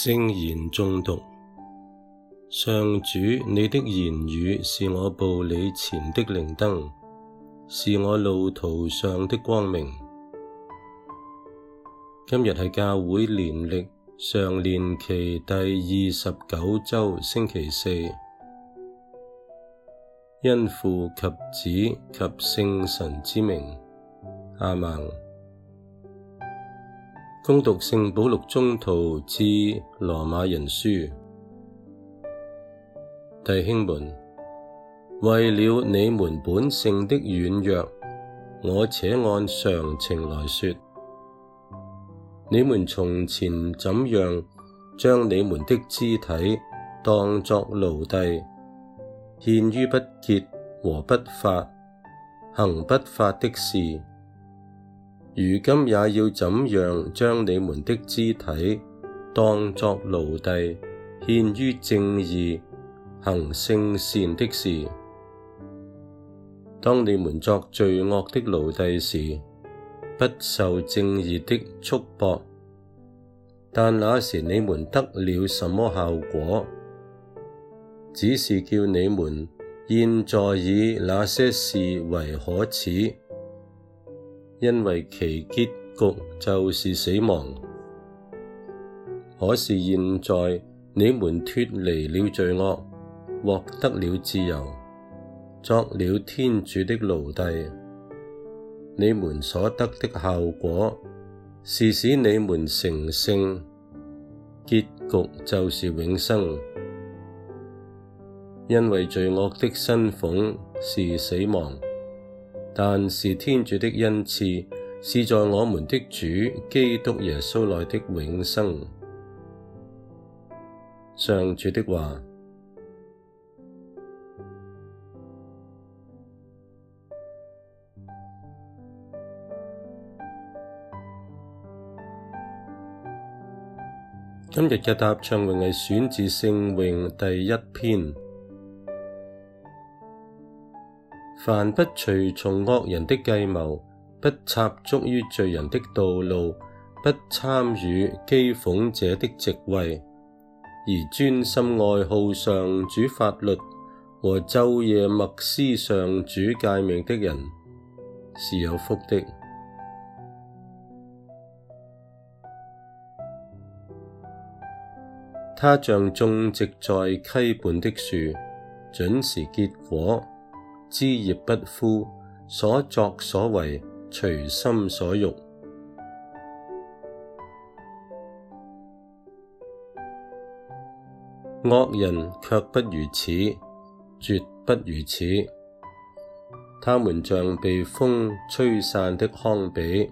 聖言誦讀。上主，你的言語是我步你前的靈燈，是我路途上的光明。今日係教會年曆常年期第二十九周星期四，因父及子及聖神之名，阿門。恭讀聖保祿宗徒致羅馬人書，弟兄們，為了你們本性的軟弱，我且按常情來說，你們從前怎樣將你們的肢體當作奴隸，獻於不潔和不法，行不法的事。如今也要怎樣將你們的肢體當作奴隸，獻於正義，行聖善的事。當你們作罪惡的奴隸時，不受正義的束縛。但那時你們得了什麼效果？只是叫你們現在在以那些事為可恥。因為其結局就是死亡。可是現在，你們脫離了罪惡，獲得了自由，作了天主的奴隸。你們所得的效果是使你們成聖，結局就是永生。因為罪惡的薪俸是死亡。但是天主的恩賜是在我們的主基督耶穌內的永生。上主的話，今日嘅答唱詠係選自聖詠第一篇。凡不隨從惡人的計謀，不插足於罪人的道路，不參與譏諷者的席位，而專心愛好上主法律和晝夜默思上主誡命的人，是有福的。他像種植在溪畔的樹，準時結果。枝葉不枯，所作所為，隨心所欲。惡人卻不如此，絕不如此。他們像被風吹散的糠粃。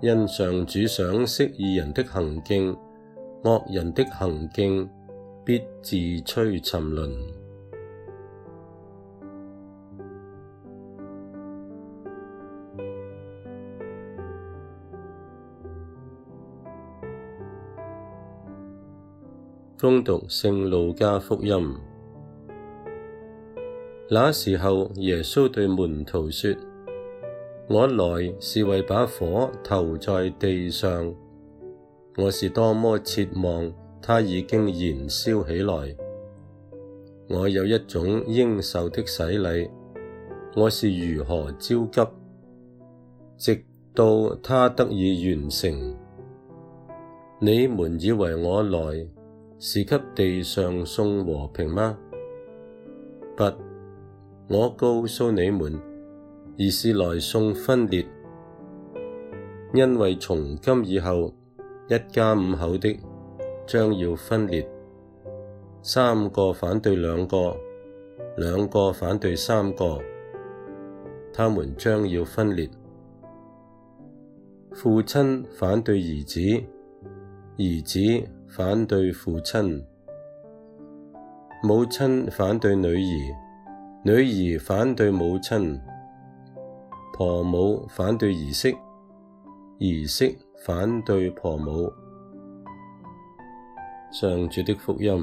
因上主賞識義人的行徑，惡人的行徑必自趨沉淪。恭讀《聖路加福音》，那時候，耶穌對門徒說：我來是為把火投在地上，我是多麼切望它已經燃燒起來！我有一種應受的洗禮，我是如何焦急，直到它得以完成。你們以為我來是給地上送和平嗎？不，我告訴你們，而是來送分裂。因為從今以後，一家五口的將要分裂，三個反對兩個，兩個反對三個，他們將要分裂。父親反對兒子，兒子，反對父親，母親反對女兒，女兒反對母親，婆母反對兒媳，兒媳反對婆母。上主的福音。